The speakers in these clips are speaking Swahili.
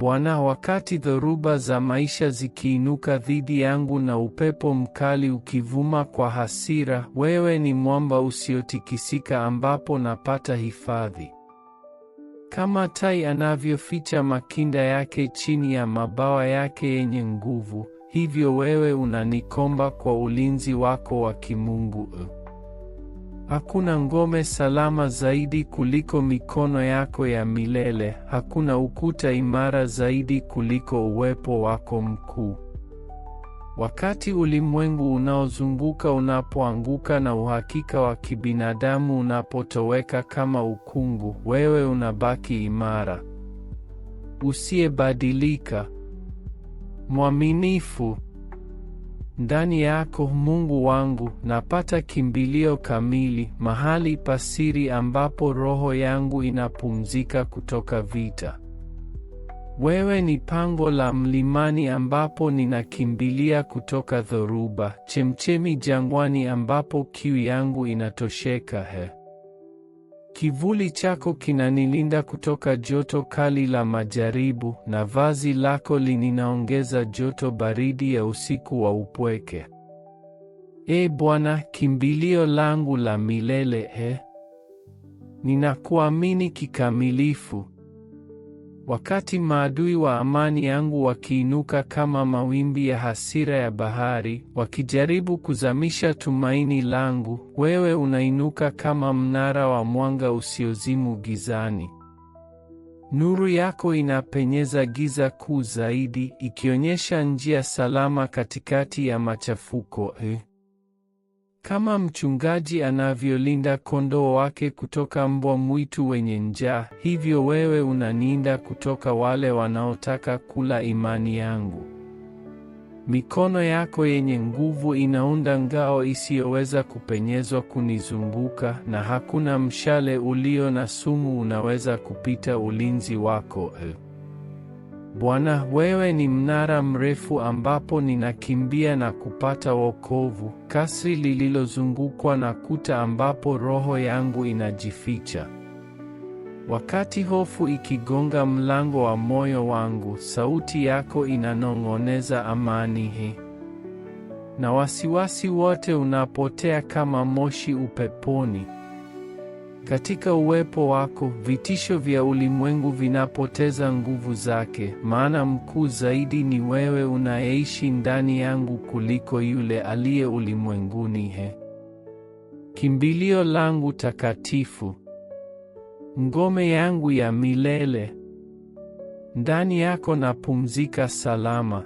Bwana, wakati dhoruba za maisha zikiinuka dhidi yangu na upepo mkali ukivuma kwa hasira, wewe ni mwamba usiotikisika ambapo napata hifadhi. Kama tai anavyoficha makinda yake chini ya mabawa yake yenye nguvu, hivyo wewe unanikomba kwa ulinzi wako wa kimungu. Hakuna ngome salama zaidi kuliko mikono yako ya milele. Hakuna ukuta imara zaidi kuliko uwepo wako mkuu. Wakati ulimwengu unaozunguka unapoanguka na uhakika wa kibinadamu unapotoweka kama ukungu, wewe unabaki imara, usiyebadilika, mwaminifu. Ndani yako, Mungu wangu, napata kimbilio kamili, mahali pa siri ambapo roho yangu inapumzika kutoka vita. Wewe ni pango la mlimani ambapo ninakimbilia kutoka dhoruba, chemchemi jangwani ambapo kiu yangu inatosheka. He, Kivuli chako kinanilinda kutoka joto kali la majaribu, na vazi lako lininaongeza joto baridi ya usiku wa upweke. E Bwana, kimbilio langu la milele, e, ninakuamini kikamilifu, Wakati maadui wa amani yangu wakiinuka kama mawimbi ya hasira ya bahari, wakijaribu kuzamisha tumaini langu, wewe unainuka kama mnara wa mwanga usiozimu gizani. Nuru yako inapenyeza giza kuu zaidi, ikionyesha njia salama katikati ya machafuko. Eh. Kama mchungaji anavyolinda kondoo wake kutoka mbwa mwitu wenye njaa, hivyo wewe unaninda kutoka wale wanaotaka kula imani yangu. Mikono yako yenye nguvu inaunda ngao isiyoweza kupenyezwa kunizunguka, na hakuna mshale ulio na sumu unaweza kupita ulinzi wako. Eh. Bwana, wewe ni mnara mrefu ambapo ninakimbia na kupata wokovu, kasri lililozungukwa na kuta ambapo roho yangu inajificha. Wakati hofu ikigonga mlango wa moyo wangu, sauti yako inanong'oneza amani hii. Na wasiwasi wote unapotea kama moshi upeponi. Katika uwepo wako, vitisho vya ulimwengu vinapoteza nguvu zake, maana mkuu zaidi ni wewe unayeishi ndani yangu kuliko yule aliye ulimwenguni. He, kimbilio langu takatifu, ngome yangu ya milele, ndani yako napumzika salama.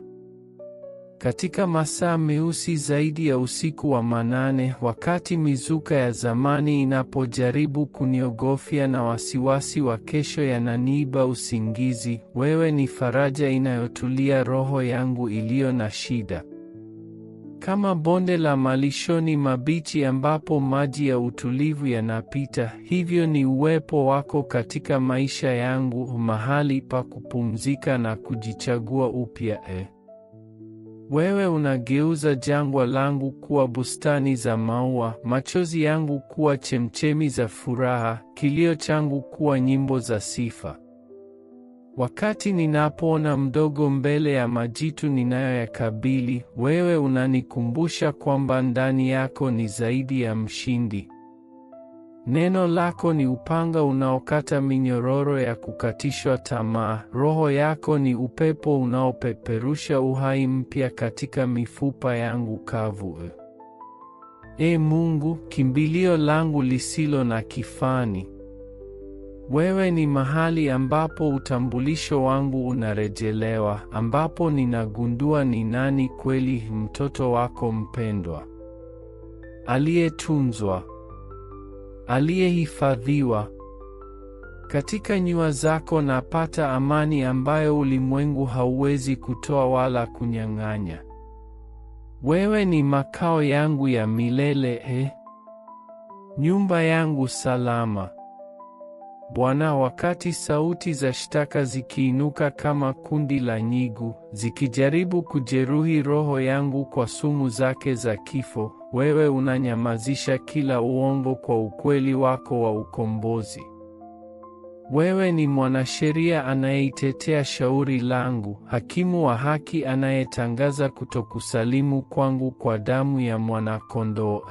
Katika masaa meusi zaidi ya usiku wa manane, wakati mizuka ya zamani inapojaribu kuniogofya na wasiwasi wa kesho yananiiba usingizi, wewe ni faraja inayotulia roho yangu iliyo na shida. Kama bonde la malishoni mabichi ambapo maji ya utulivu yanapita, hivyo ni uwepo wako katika maisha yangu, mahali pa kupumzika na kujichagua upya. eh. Wewe unageuza jangwa langu kuwa bustani za maua, machozi yangu kuwa chemchemi za furaha, kilio changu kuwa nyimbo za sifa. Wakati ninapoona mdogo mbele ya majitu ninayoyakabili, wewe unanikumbusha kwamba ndani yako ni zaidi ya mshindi. Neno lako ni upanga unaokata minyororo ya kukatishwa tamaa. Roho yako ni upepo unaopeperusha uhai mpya katika mifupa yangu kavu. E Mungu, kimbilio langu lisilo na kifani. Wewe ni mahali ambapo utambulisho wangu unarejelewa, ambapo ninagundua ni nani kweli mtoto wako mpendwa, aliyetunzwa aliyehifadhiwa katika nyua zako. Napata amani ambayo ulimwengu hauwezi kutoa wala kunyang'anya. Wewe ni makao yangu ya milele, eh, nyumba yangu salama. Bwana, wakati sauti za shtaka zikiinuka kama kundi la nyigu, zikijaribu kujeruhi roho yangu kwa sumu zake za kifo, wewe unanyamazisha kila uongo kwa ukweli wako wa ukombozi. Wewe ni mwanasheria anayeitetea shauri langu, hakimu wa haki anayetangaza kutokusalimu kwangu kwa damu ya mwanakondoo.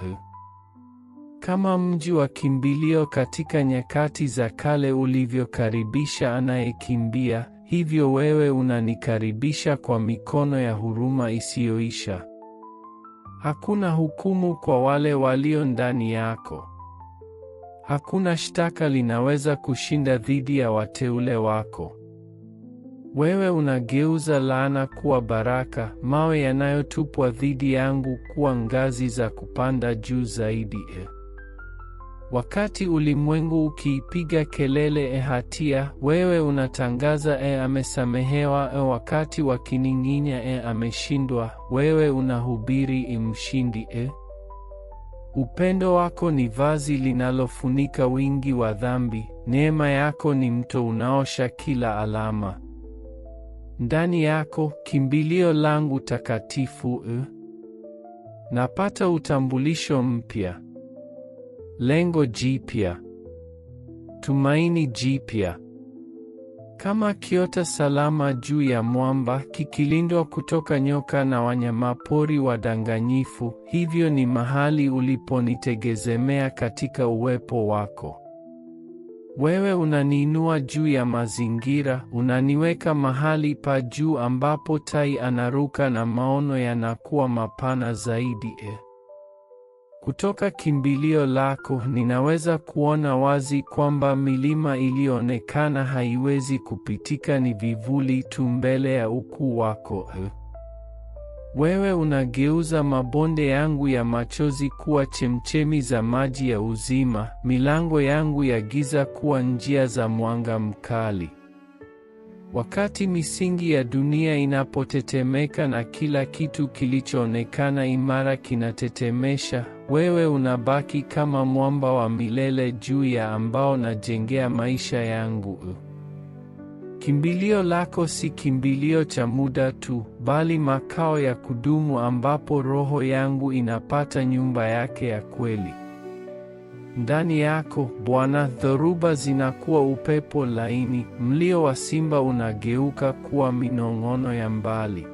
Kama mji wa kimbilio katika nyakati za kale ulivyokaribisha anayekimbia, hivyo wewe unanikaribisha kwa mikono ya huruma isiyoisha. Hakuna hukumu kwa wale walio ndani yako. Hakuna shtaka linaweza kushinda dhidi ya wateule wako. Wewe unageuza laana kuwa baraka, mawe yanayotupwa dhidi yangu kuwa ngazi za kupanda juu zaidi. Eh. Wakati ulimwengu ukiipiga kelele, e, hatia, wewe unatangaza e, amesamehewa. E, wakati wakining'inya, e, ameshindwa, wewe unahubiri imshindi e, e, upendo wako ni vazi linalofunika wingi wa dhambi, neema yako ni mto unaosha kila alama. Ndani yako kimbilio langu takatifu, e, napata utambulisho mpya lengo jipya, tumaini jipya, kama kiota salama juu ya mwamba kikilindwa kutoka nyoka na wanyamapori wadanganyifu. Hivyo ni mahali uliponitegezemea katika uwepo wako. Wewe unaniinua juu ya mazingira, unaniweka mahali pa juu ambapo tai anaruka na maono yanakuwa mapana zaidi. eh. Kutoka kimbilio lako ninaweza kuona wazi kwamba milima iliyoonekana haiwezi kupitika ni vivuli tu mbele ya ukuu wako. Wewe unageuza mabonde yangu ya machozi kuwa chemchemi za maji ya uzima, milango yangu ya giza kuwa njia za mwanga mkali. Wakati misingi ya dunia inapotetemeka na kila kitu kilichoonekana imara kinatetemesha, wewe unabaki kama mwamba wa milele juu ya ambao najengea maisha yangu. Kimbilio lako si kimbilio cha muda tu, bali makao ya kudumu ambapo roho yangu inapata nyumba yake ya kweli. Ndani yako Bwana, dhoruba zinakuwa upepo laini, mlio wa simba unageuka kuwa minong'ono ya mbali.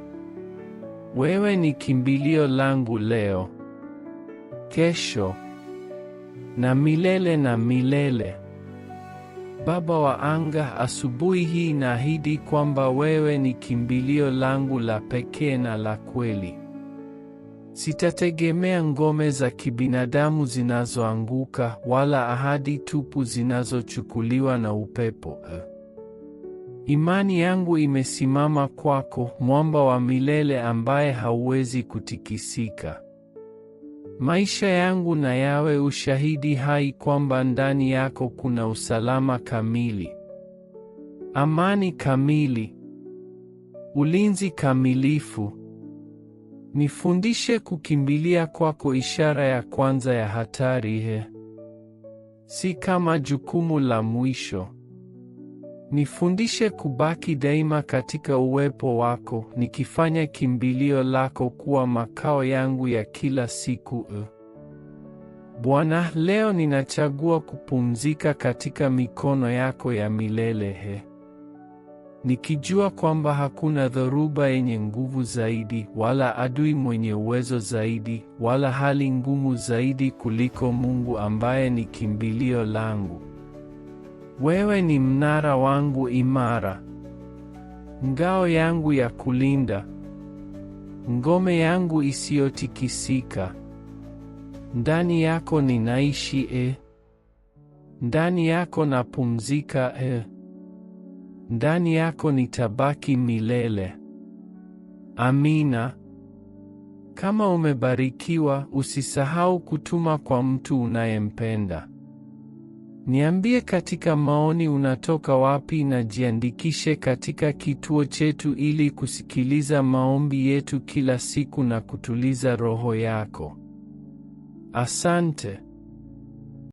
Wewe ni kimbilio langu leo kesho na milele na milele. Baba wa anga, asubuhi hii naahidi kwamba wewe ni kimbilio langu la pekee na la kweli. Sitategemea ngome za kibinadamu zinazoanguka wala ahadi tupu zinazochukuliwa na upepo. Imani yangu imesimama kwako, mwamba wa milele ambaye hauwezi kutikisika. Maisha yangu na yawe ushahidi hai kwamba ndani yako kuna usalama kamili, amani kamili, ulinzi kamilifu. Nifundishe kukimbilia kwako, ishara ya kwanza ya hatari he, si kama jukumu la mwisho. Nifundishe kubaki daima katika uwepo wako, nikifanya kimbilio lako kuwa makao yangu ya kila siku. Eh. Bwana, leo ninachagua kupumzika katika mikono yako ya milele he, eh. nikijua kwamba hakuna dhoruba yenye nguvu zaidi, wala adui mwenye uwezo zaidi, wala hali ngumu zaidi kuliko Mungu ambaye ni kimbilio langu. Wewe ni mnara wangu imara, ngao yangu ya kulinda, ngome yangu isiyotikisika. Ndani yako ninaishi e, ndani yako napumzika e, ndani yako nitabaki milele. Amina. Kama umebarikiwa, usisahau kutuma kwa mtu unayempenda. Niambie katika maoni unatoka wapi na jiandikishe katika kituo chetu ili kusikiliza maombi yetu kila siku na kutuliza roho yako. Asante.